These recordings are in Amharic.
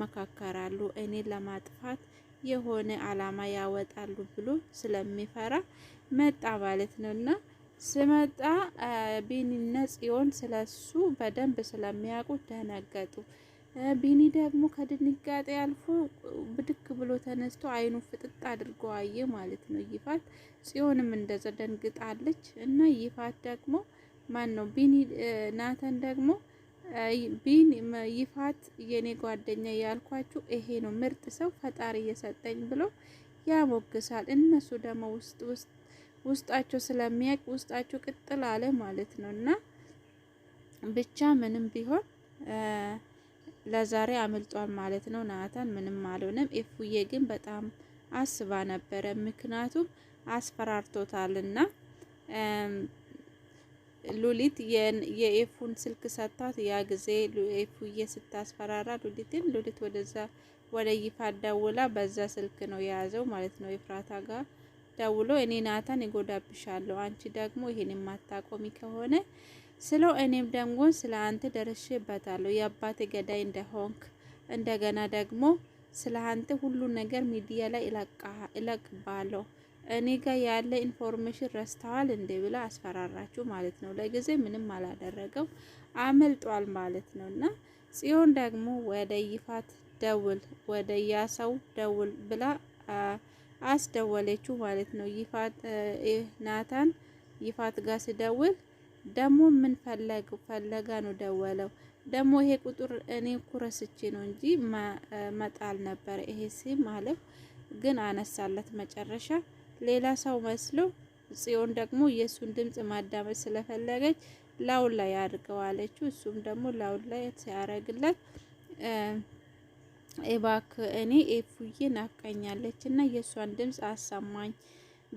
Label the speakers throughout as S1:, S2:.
S1: ይመካከራሉ። እኔን ለማጥፋት የሆነ አላማ ያወጣሉ ብሎ ስለሚፈራ መጣ ማለት ነው። እና ስመጣ ቢኒና ጽዮን ስለሱ በደንብ ስለሚያውቁ ደነገጡ። ቢኒ ደግሞ ከድንጋጤ አልፎ ብድክ ብሎ ተነስቶ አይኑ ፍጥጥ አድርጎ አየ ማለት ነው። ይፋት ጽዮንም እንደዛ ደንግጣለች። እና ይፋት ደግሞ ማን ነው ቢኒ ናተን ደግሞ ቢን ይፋት የኔ ጓደኛ ያልኳችሁ ይሄ ነው ምርጥ ሰው ፈጣሪ እየሰጠኝ ብሎ ያሞግሳል። እነሱ ደግሞ ውስጥ ውስጥ ውስጣቸው ስለሚያቅ ውስጣቸው ቅጥል አለ ማለት ነው። እና ብቻ ምንም ቢሆን ለዛሬ አምልጧል ማለት ነው። ናታን ምንም አልሆነም። ኤፉዬ ግን በጣም አስባ ነበረ፣ ምክንያቱም አስፈራርቶታልና ሉሊት የኤፉን ስልክ ሰጥቷት ያ ጊዜ ኤፉዬ ስታስፈራራ ሉሊትን ሉሊት ወደዛ ወደ ይፋት ደውላ በዛ ስልክ ነው የያዘው ማለት ነው። ኤፍራታ ጋር ደውሎ እኔ ናታን ይጎዳብሻለሁ፣ አንቺ ደግሞ ይሄን የማታቆሚ ከሆነ ስለው እኔም ደግሞ ስለ አንተ ደርሼበታለሁ የአባቴ ገዳይ እንደሆንክ እንደገና ደግሞ ስለ አንተ ሁሉን ነገር ሚዲያ ላይ እለቅባለሁ እኔ ጋር ያለ ኢንፎርሜሽን ረስተዋል እንዴ ብላ አስፈራራችሁ ማለት ነው። ለጊዜ ምንም አላደረገው አመልጧል ማለት ነው። እና ጽዮን ደግሞ ወደ ይፋት ደውል፣ ወደ ያሰው ደውል ብላ አስደወለችው ማለት ነው። ይፋት ናታን ይፋት ጋር ሲደውል ደግሞ ምን ፈለግ ፈለጋ ነው ደወለው ደግሞ ይሄ ቁጥር እኔ ኩረስቼ ነው እንጂ መጣል ነበር ይሄ ሲም አለው። ግን አነሳለት መጨረሻ ሌላ ሰው መስሎ ጽዮን ደግሞ የእሱን ድምፅ ማዳመጥ ስለፈለገች ላውን ላይ አድርገዋለችው። እሱም ደግሞ ላውን ላይ ሲያረግለት ኤባክ እኔ ኤፉዬ ናፍቀኛለች እና የእሷን ድምፅ አሰማኝ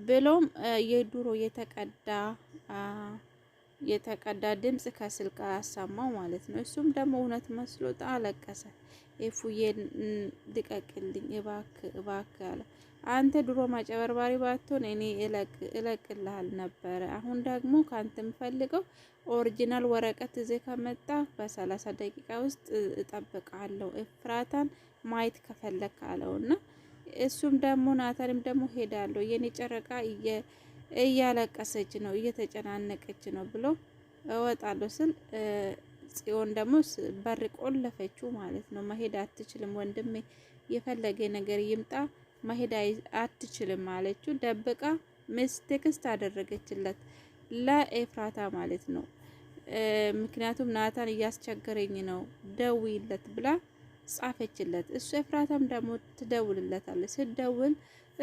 S1: ብሎም የድሮ የተቀዳ የተቀዳ ድምፅ ከስልክ አሰማው ማለት ነው። እሱም ደግሞ እውነት መስሎት አለቀሰ። ኤፉዬ ልቀቅልኝ እባክ እባክ አለ። አንተ ድሮ ማጨበርባሪ ባትሆን እኔ እለቅልሃል ነበረ። አሁን ደግሞ ከአንተ የምፈልገው ኦሪጂናል ወረቀት እዚህ ከመጣ በሰላሳ ደቂቃ ውስጥ እጠብቃለሁ እፍራታን ማየት ከፈለክ አለው እና እሱም ደግሞ ናታንም ደግሞ ሄዳለሁ የኔ ጨረቃ እያለቀሰች ነው እየተጨናነቀች ነው ብሎ እወጣለሁ ስል ጽዮን ደግሞ በር ቆለፈችው ማለት ነው። መሄድ አትችልም ወንድሜ የፈለገ ነገር ይምጣ መሄድ አትችልም አለችው። ደብቃ ምስ ቴክስት አደረገችለት ለኤፍራታ ማለት ነው። ምክንያቱም ናታን እያስቸገረኝ ነው ደውይለት ብላ ጻፈችለት። እሱ ኤፍራታም ደግሞ ትደውልለታለች። ስትደውል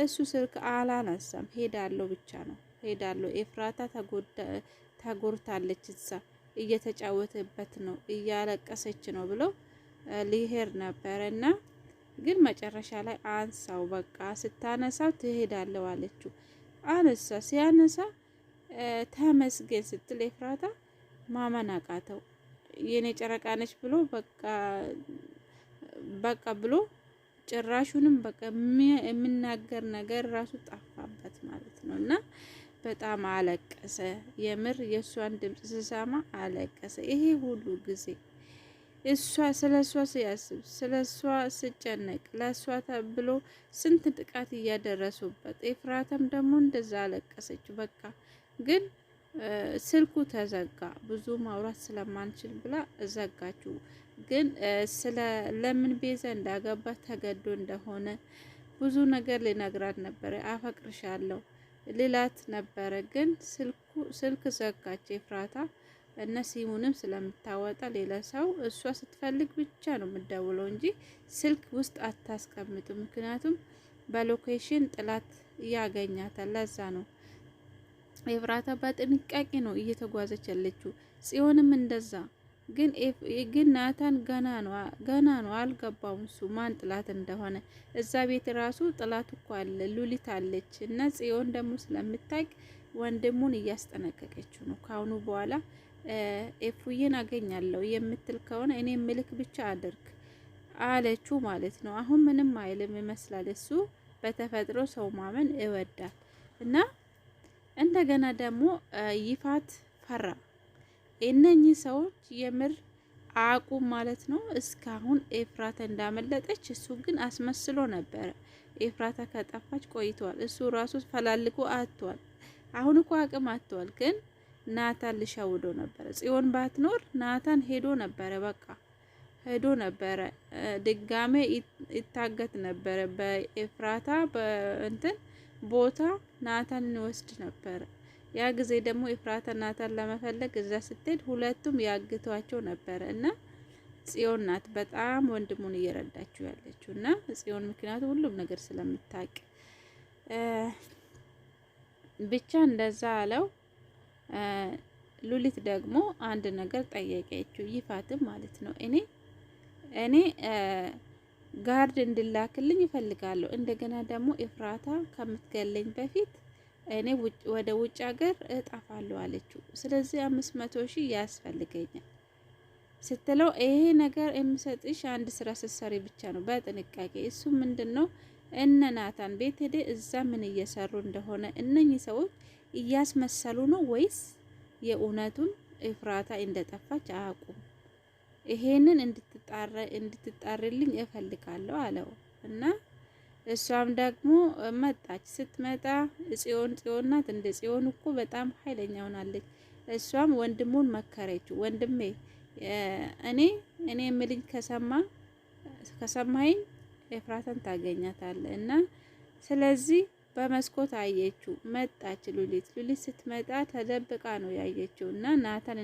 S1: እሱ ስልክ አላነሳም። ሄዳለው ብቻ ነው ሄዳለው። ኤፍራታ ተጎድታለች፣ እዛ እየተጫወተበት ነው፣ እያለቀሰች ነው ብሎ ሊሄድ ነበረ እና ግን መጨረሻ ላይ አንሳው በቃ ስታነሳው ትሄዳለው አለችው። አነሳ ሲያነሳ ተመስገን ስትል ኤፍራታ ማመን አቃተው። የኔ ጨረቃ ነች ብሎ በቃ በቃ ብሎ ጭራሹንም በቃ የሚናገር ነገር ራሱ ጠፋበት ማለት ነው። እና በጣም አለቀሰ። የምር የእሷን ድምፅ ስሰማ አለቀሰ። ይሄ ሁሉ ጊዜ እሷ ስለ እሷ ሲያስብ ስለ እሷ ሲጨነቅ ለእሷ ተብሎ ስንት ጥቃት እያደረሱበት፣ ኤፍራተም ደግሞ እንደዛ አለቀሰች። በቃ ግን ስልኩ ተዘጋ፣ ብዙ ማውራት ስለማንችል ብላ ዘጋችው። ግን ስለ ለምን ቤዛ እንዳገባ ተገዶ እንደሆነ ብዙ ነገር ሊነግራት ነበረ። አፈቅርሻለሁ ልላት ነበረ፣ ግን ስልክ ዘጋች ኤፍራታ እነ ሲሙንም ስለምታወጣ ሌላ ሰው እሷ ስትፈልግ ብቻ ነው የምደውለው እንጂ ስልክ ውስጥ አታስቀምጡ። ምክንያቱም በሎኬሽን ጥላት ያገኛታል። ለዛ ነው ኤፍራታ በጥንቃቄ ነው እየተጓዘች ያለችው። ጽዮንም እንደዛ ግን ግን ናታን ገና ነው ገና ነው አልገባውም። እሱ ማን ጥላት እንደሆነ እዛ ቤት ራሱ ጥላት እኮ አለ ሉሊት አለች። እና ጽዮን ደግሞ ስለምታቅ ወንድሙን እያስጠነቀቀችው ነው ካሁኑ በኋላ ኤፉዬን አገኛለሁ የምትል ከሆነ እኔ ምልክ ብቻ አድርግ አለችው ማለት ነው። አሁን ምንም አይልም ይመስላል። እሱ በተፈጥሮ ሰው ማመን ይወዳል እና እንደገና ደግሞ ይፋት ፈራ። እነኚህ ሰዎች የምር አቁም ማለት ነው። እስካሁን ኤፍራታ እንዳመለጠች እሱ ግን አስመስሎ ነበረ። ኤፍራታ ከጠፋች ቆይተዋል። እሱ ራሱ ፈላልጎ አጥቷል። አሁን እኮ አቅም አጥቷል ግን ናታን ልሸውዶ ነበረ። ጽዮን ባትኖር ናታን ሄዶ ነበረ፣ በቃ ሄዶ ነበረ። ድጋሜ ይታገት ነበረ በኤፍራታ በእንትን ቦታ ናታን እንወስድ ነበረ። ያ ጊዜ ደግሞ ኤፍራታ ናታን ለመፈለግ እዛ ስትሄድ ሁለቱም ያግቷቸው ነበረ እና ጽዮን ናት በጣም ወንድሙን እየረዳችው ያለችው እና ጽዮን ምክንያቱ ሁሉም ነገር ስለምታውቅ ብቻ እንደዛ አለው። ሉሊት ደግሞ አንድ ነገር ጠየቀችው፣ ይፋትም ማለት ነው። እኔ እኔ ጋርድ እንድላክልኝ ይፈልጋለሁ። እንደገና ደግሞ ኤፍራታ ከምትገለኝ በፊት እኔ ወደ ውጭ ሀገር እጠፋለሁ አለችው። ስለዚህ አምስት መቶ ሺህ ያስፈልገኛል ስትለው ይሄ ነገር የምሰጥሽ አንድ ስራ ስትሰሪ ብቻ ነው በጥንቃቄ። እሱ ምንድን ነው እነ ናታን ቤት ሄደ እዛ ምን እየሰሩ እንደሆነ እነኚህ ሰዎች እያስመሰሉ ነው ወይስ የእውነቱን እፍራታ እንደጠፋች አያውቁም? ይሄንን እንድትጣርልኝ እፈልጋለሁ አለው እና እሷም ደግሞ መጣች። ስትመጣ ጽዮን ጽዮን ናት። እንደ ጽዮን እኮ በጣም ኃይለኛ ሆናለች። እሷም ወንድሙን መከረችው። ወንድሜ እኔ እኔ የምልኝ ከሰማ ከሰማኸኝ ኤፍራታን ታገኛታለህ እና ስለዚህ በመስኮት አየችው። መጣች ሉሊት። ሉሊት ስትመጣ ተደብቃ ነው ያየችው እና ናታን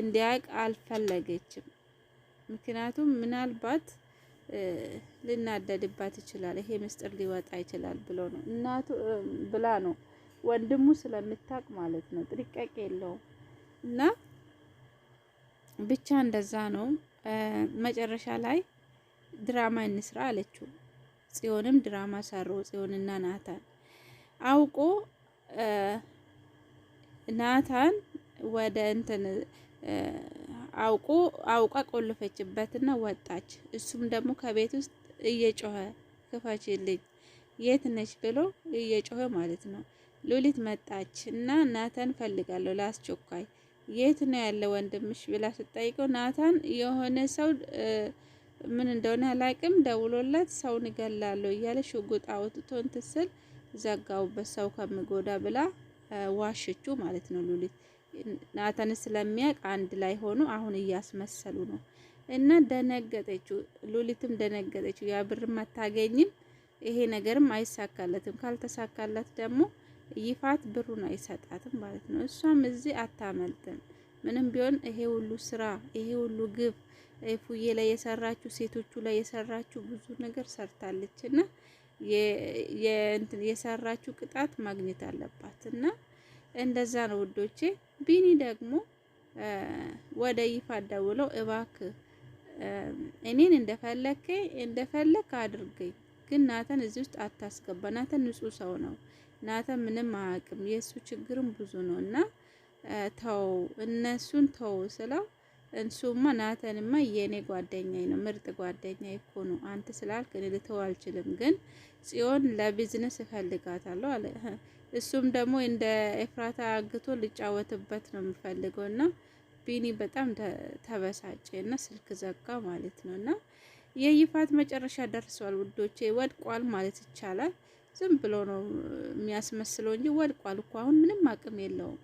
S1: እንዲያውቅ አልፈለገችም። ምክንያቱም ምናልባት ልናደድባት ይችላል፣ ይሄ ምስጢር ሊወጣ ይችላል ብሎ ነው እናቱ ብላ ነው ወንድሙ ስለምታቅ ማለት ነው። ጥንቃቄ የለውም እና ብቻ እንደዛ ነው። መጨረሻ ላይ ድራማ እንስራ አለችው። ጽዮንም ድራማ ሰሩ። ጽዮንና ናታን አውቆ ናታን ወደ እንትን አውቆ አውቃ ቆልፈችበትና ወጣች። እሱም ደግሞ ከቤት ውስጥ እየጮኸ ክፈችልኝ፣ የት ነች ብሎ እየጮኸ ማለት ነው። ሉሊት መጣች እና ናታን ፈልጋለሁ ለአስቸኳይ የት ነው ያለ ወንድምሽ ብላ ስጠይቀው ናታን የሆነ ሰው ምን እንደሆነ አላቅም። ደውሎላት ሰው ንገላለሁ እያለ ሽጉጥ አውጥቶ እንትን ስል ዘጋውበት ሰው ከምጎዳ ብላ ዋሽቹ ማለት ነው። ሉሊት ናተን ስለሚያውቅ አንድ ላይ ሆኑ አሁን እያስመሰሉ ነው። እና ደነገጠችው፣ ሉሊትም ደነገጠችው። ያ ብርም አታገኝም፣ ይሄ ነገርም አይሳካለትም። ካልተሳካለት ደግሞ ይፋት ብሩን አይሰጣትም ማለት ነው። እሷም እዚህ አታመልጥም። ምንም ቢሆን ይሄ ሁሉ ስራ ይሄ ሁሉ ግብ ፉዬ ላይ የሰራችሁ ሴቶቹ ላይ የሰራችሁ ብዙ ነገር ሰርታለች እና የሰራችሁ ቅጣት ማግኘት አለባት እና እንደዛ ነው ውዶቼ። ቢኒ ደግሞ ወደ ይፋ ደውለው እባክ እኔን እንደፈለከ እንደፈለክ አድርገኝ፣ ግን ናተን እዚህ ውስጥ አታስገባ። ናተን ንጹህ ሰው ነው። ናተን ምንም አያውቅም። የእሱ ችግርም ብዙ ነው እና ተው እነሱን ተው ስለው እንሱማ ናተንማ የኔ ጓደኛ ነው፣ ምርጥ ጓደኛ እኮ ነው። አንተ ስላልክ እኔ ልተው አልችልም፣ ግን ጽዮን ለቢዝነስ እፈልጋታለሁ አለ። እሱም ደግሞ እንደ ኤፍራታ አግቶ ልጫወትበት ነው የምፈልገው እና ቢኒ በጣም ተበሳጨ እና ስልክ ዘጋ ማለት ነው። እና የይፋት መጨረሻ ደርሷል ውዶቼ፣ ወድቋል ማለት ይቻላል። ዝም ብሎ ነው የሚያስመስለው እንጂ ወድቋል እኮ አሁን ምንም አቅም የለውም።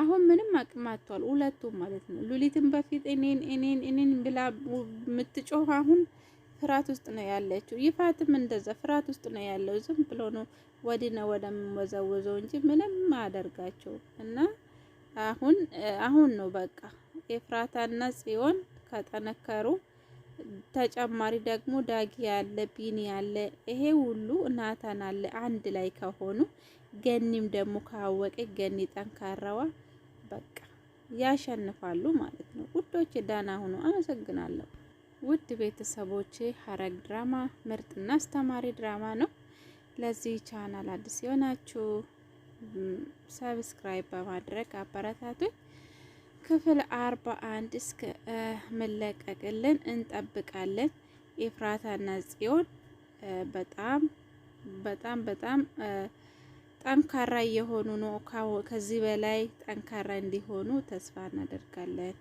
S1: አሁን ምንም አቅም አጥቷል፣ ሁለቱም ማለት ነው። ሉሊትን በፊት እኔን እኔን እኔን ብላ የምትጮህ አሁን ፍርሃት ውስጥ ነው ያለችው። ይፋትም እንደዛ ፍርሃት ውስጥ ነው ያለው። ዝም ብሎ ነው ወዲና ወደምወዛወዘው እንጂ ምንም አደርጋቸው እና አሁን አሁን ነው በቃ የፍራታና ጽዮን ከጠነከሩ ተጨማሪ ደግሞ ዳጊ ያለ ቢኒ ያለ ይሄ ሁሉ ናታን አለ አንድ ላይ ከሆኑ ገኒም ደግሞ ካወቀ ገኒ ጠንካራዋ በቃ ያሸንፋሉ ማለት ነው። ውዶች ዳና ሆኖ አመሰግናለሁ። ውድ ቤተሰቦች ሐረግ ድራማ ምርጥና አስተማሪ ድራማ ነው። ለዚህ ቻናል አዲስ የሆናችሁ ሰብስክራይብ በማድረግ አበረታቱኝ። ክፍል አርባ አንድ እስከ መለቀቅልን እንጠብቃለን። ኤፍራታና ጽዮን በጣም በጣም በጣም ጠንካራ እየሆኑ ነው። ከዚህ በላይ ጠንካራ እንዲሆኑ ተስፋ እናደርጋለን።